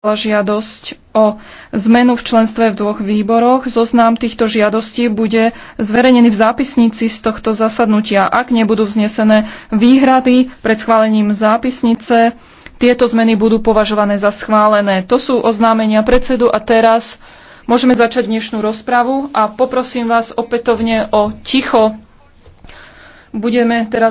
žiadosť o zmenu v členstve v dvoch výboroch. Zoznam týchto žiadostí bude zverejnený v zápisnici z tohto zasadnutia. Ak nebudú vznesené výhrady pred schválením zápisnice, tieto zmeny budú považované za schválené. To sú oznámenia predsedu a teraz môžeme začať dnešnú rozpravu a poprosím vás opätovne o ticho. Budeme teraz